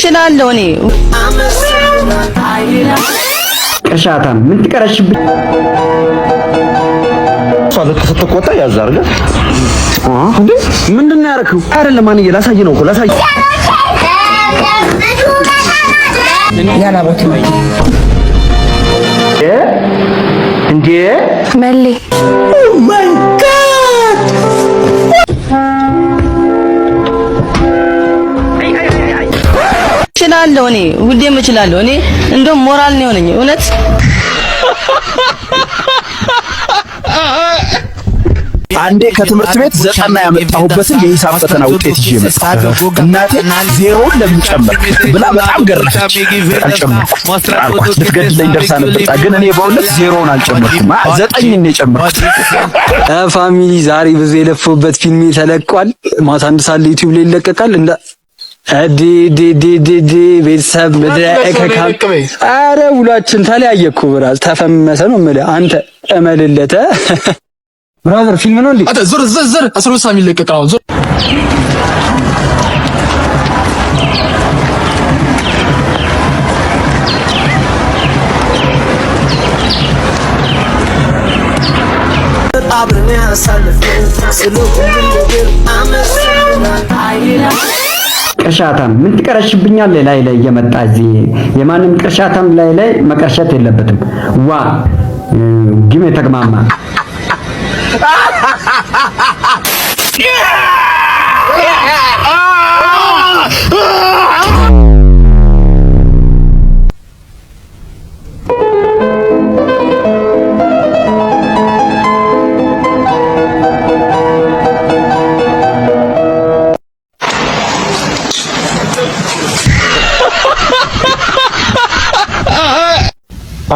እችላለሁ እኔ ቅርሻታም ምን ትቀረሽብኝ? ስትቆጣ ያዝ አድርገህ እንዴ! ምንድን ነው ያደረግኸው? አይደለም ማንዬ፣ ላሳይ ነው እኮ ላሳይ እንዴ! መሌ እችላለሁ። እኔ ሁሌም እችላለሁ። እኔ እንደውም ሞራል ነው የሆነኝ እውነት አንዴ ከትምህርት ቤት ዘጠና ያመጣሁበትን የሂሳብ ፈተና ውጤት ይዤ መጣሁ። እናቴ ዜሮውን ለምን ጨመርክ ብላ በጣም ገረፈች። አልጨመርኩም አልኳት። ልትገድለኝ ደርሳ ነበር፣ ግን እኔ በእውነት ዜሮውን አልጨመርኩም፣ ዘጠኝ ነው የጨመርኩት። ፋሚሊ ዛሬ ብዙ የለፈውበት ፊልም ተለቋል። ማታ አንድ ሰዓት ላይ ዩቲዩብ ላይ ይለቀቃል። ዲዲዲዲዲ ቤተሰብ ኧረ ውሏችን ተለያየ እኮ ብራዝ ተፈመሰ ነው አንተ እመልለተ ብራዘር ፊልም ነው እንዴ? ዞር ዞር ዞር ዞር አብረን ነገር አመስግና አይላ ቅርሻታም ምን ትቀረሽብኛል? ላይ ላይ እየመጣ እዚህ የማንም ቅርሻታም ላይ ላይ መቀርሸት የለበትም። ዋ ግም የተግማማ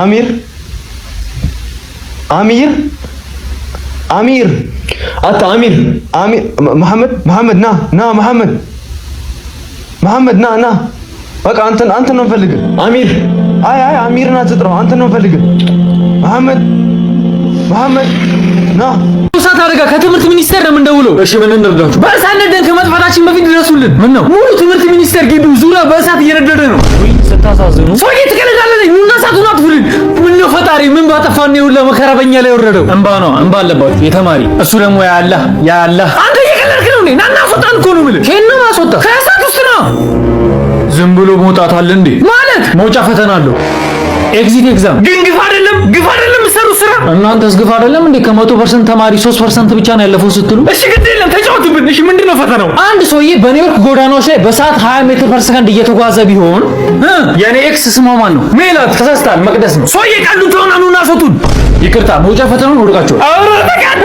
አሚር አሚር አሚር አታ አሚር አሚር መሐመድ መሐመድ ና ና መሐመድ መሐመድ ና ና በቃ አንተን አንተን ነው ፈልግ አሚር አይ አይ አሚርና ትጥራው አንተን ነው ፈልግ መሐመድ መሐመድ ና ሰዓት አደጋ ከትምህርት ለምን ደውለው? እሺ ምን እንርዳችሁ? በእሳት ነደን ከመጥፋታችን በፊት ድረሱልን። ምን ነው ሙሉ ትምህርት ሚኒስቴር ግቢው ዙሪያ በእሳት እየነደደ ነው። ወይ ስታሳዝኑ። ፎጌ ትቀልዳለህ። ኑና እሳቱን አጥፉልን። ምን ነው ፈጣሪ ምን ባጠፋን ነው ለመከራ በእኛ ላይ ወረደው? እንባ ነው እንባ አለባችሁ የተማሪ እሱ ደግሞ ያ አላህ ያ አላህ። አንተ እየቀለድክ ነው። እኔ ናና አስወጣን እኮ ነው የምልህ። ከየት ነው ከእሳት ውስጥ ነው። ዝም ብሎ መውጣት አለ እንዴ? ማለት መውጫ ፈተና አለው። ኤግዚት ኤግዛም ግን ግፍ አይደለም ግፍ አይደለም ሰሩ እናንተ እስግፍ አይደለም እንዴ? ከመቶ ፐርሰንት ተማሪ 3% ብቻ ነው ያለፈው ስትሉ፣ እሺ ግድ የለም ተጫወቱብን። እሺ ምንድን ነው ፈተናው? አንድ ሰውዬ በኒውዮርክ ጎዳናዎች ላይ በሰዓት 20 ሜትር ፐር ሰከንድ እየተጓዘ ቢሆን የኔ ኤክስ ስሟ ማን ነው? ሜላት ተሳስታል። መቅደስ ነው ሰውዬ። ቀሉን ተሆናኑና ፈቱን። ይቅርታ መውጫ ፈተናውን ወድቃቸዋል። አረ ተቀዳ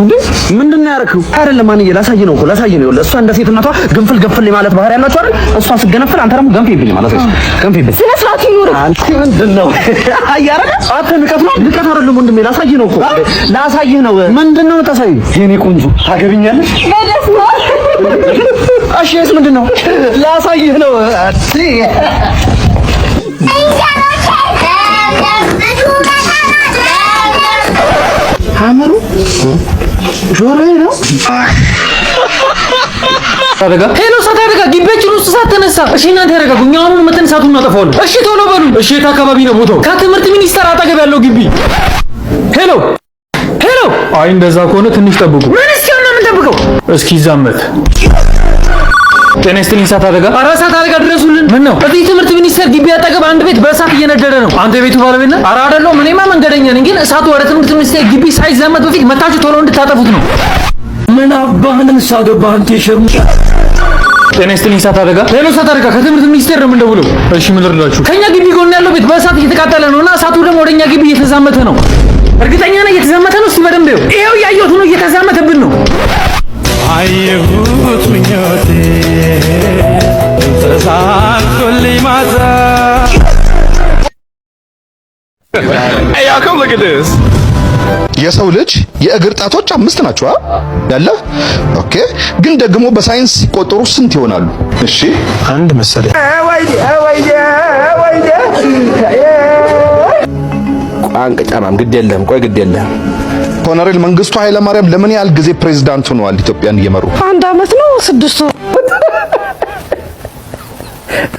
እንዴ ምንድን ነው ያደረግኸው? አይደለም ማንዬ፣ ላሳይ ነው እኮ ላሳይ ነው። እሷ እንደ ሴትነቷ ግንፍል ገንፍል ማለት ባህሪ ያላችሁ አይደል? እሷ ስገነፍል፣ አንተ ደግሞ ገንፍልብኝ ማለት ነው። ገንፍልብኝ ስነ ስርዓት ይኑር። አንቺ ምንድን ነው አያረግ? አንተ ንቀት ነው ንቀት አይደለም ወንድሜ፣ ላሳይ ነው እኮ ላሳይ ነው። ምንድን ነው ታሳይ? የኔ ቆንጆ ታገብኛለሽ? በደስ ነው። እሺ ምንድን ነው ላሳይ ነው አትይ ታምሩ ጆሮ ነው ታደጋ ሄሎ፣ እሳት ያደጋ። ግቢያችን ውስጥ እሳት ተነሳ። እሺ እናንተ ያደጋጉ፣ እኛ አሁኑን መተን እሳቱን እናጠፋዋለን። እሺ ቶሎ በሉ። እሺ የት አካባቢ ነው ቦታው? ከትምህርት ሚኒስቴር አጠገብ ያለው ግቢ። ሄሎ ሄሎ። አይ እንደዛ ከሆነ ትንሽ ጠብቁ። ምን እስኪ ነው የምንጠብቀው? እስኪ ዛመት ጤና ይስጥልኝ። እሳት አደጋ! ኧረ እሳት አደጋ ድረሱልን! ምን ነው? እዚህ ትምህርት ሚኒስቴር ግቢ አጠገብ አንድ ቤት በእሳት እየነደደ ነው። አንተ የቤቱ ባለቤት ነህ? ኧረ አይደለሁም። እኔማ መንገደኛ ነኝ። ግን እሳቱ ወደ ትምህርት ሚኒስቴር ግቢ ሳይዛመት በፊት መታችሁ ቶሎ እንድታጠፉት ነው። ምን አባህን ሳገባ አንተ የሸምሻ ጤና ይስጥልኝ። እሳት አደጋ ሌሎ እሳት አደጋ ከትምህርት ሚኒስቴር ነው የምንደውለው። እሺ ምን ልርዳችሁ? ከኛ ግቢ ጎን ያለው ቤት በእሳት እየተቃጠለ ነው እና እሳቱ ደግሞ ወደኛ ግቢ እየተዛመተ ነው። እርግጠኛ ነህ እየተዛመተ ነው? የሰው ልጅ የእግር ጣቶች አምስት ናቸው ያለ። ኦኬ፣ ግን ደግሞ በሳይንስ ሲቆጠሩ ስንት ይሆናሉ? እሺ አንድ መሰለኝ። ቋንቅ ጫማም ግድ የለም። ቆይ ግድ የለም። ኮሎኔል መንግስቱ ኃይለማርያም ለምን ያህል ጊዜ ፕሬዝዳንት ሆነዋል? ኢትዮጵያን እየመሩ አንድ አመት ነው ስድስቱ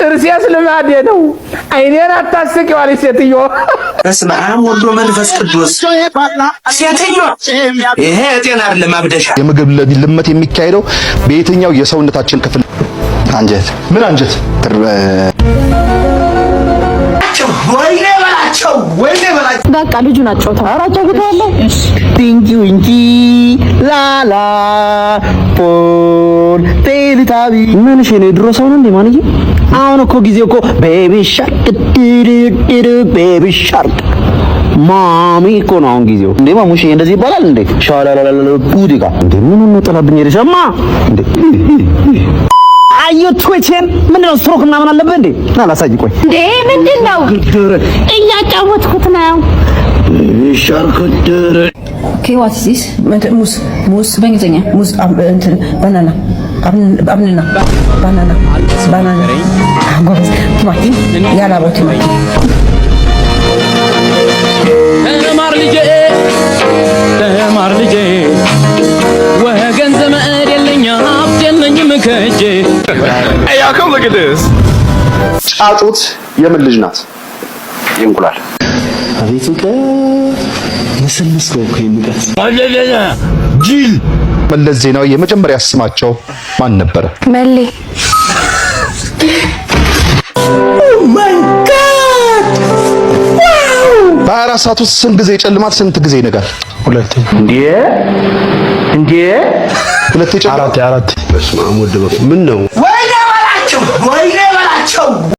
ጥርሴ ስለማዴ ነው። አይኔን አታስቂዋለች ሴትዮ በስመ አብ ወልድ መንፈስ ቅዱስ። ሴትዮ ይሄ የጤና አይደለም ማብደሻ። የምግብ ልመት የሚካሄደው በየትኛው የሰውነታችን ክፍል? አንጀት። ምን አንጀት? ወይኔ በቃ ልጁን አጫውታ አራጫው ግታለ ቲንኪ እንጂ ላላ ፖል ቴልታቢ ምን እሺ ነው የድሮ ሰው ነው እንዴ? ማንዬ አሁን እኮ ጊዜው እኮ ቤቢ ሻርክ ቤቢ ሻርክ ማሚ እኮ ነው አሁን ጊዜው። እንዴ ማሙሽ እንደዚህ ይባላል እንዴ? ሻላላላ ቡዲጋ እንዴ ምን ነው ጥላብኝ ሄደሻማ እንዴ? አዩ ትዌቼን ምንድን ስትሮክ ምናምን አለበት እንዴ? ና ላሳይ ቆይ። እንዴ ምንድን ነው እያጫወትኩት ነው። ኦኬ ዋት ኢዝ ዚስ ሙዝ በእንግሊዝኛ ሙዝ እንትን ባናና قبلنا بنانا بنانا جوز تماكين يلا ابو تماكين تهمر لجي تهمر لجي وهجن زمان يلين يا عبدلኝ ምከጄ Hey, come look at this. ጫጩት የምን ልጅ ናት? ይንቁላል አቤት ሙቀት! ምስል ምስሎ እኮ ይሙቀት! መለስ ዜናዊ የመጀመሪያ ስማቸው ማን ነበረ? መሌ። oh በአራት ሰዓት ውስጥ ስንት ጊዜ ይጨልማል? ስንት ጊዜ ይነጋል? ሁለቴ። እንዴ እንዴ! ሁለቴ ጨልማል። አራት አራት። በስመ አብ ወልድ። ምን ነው? ወይኔ በላቸው! ወይኔ በላቸው!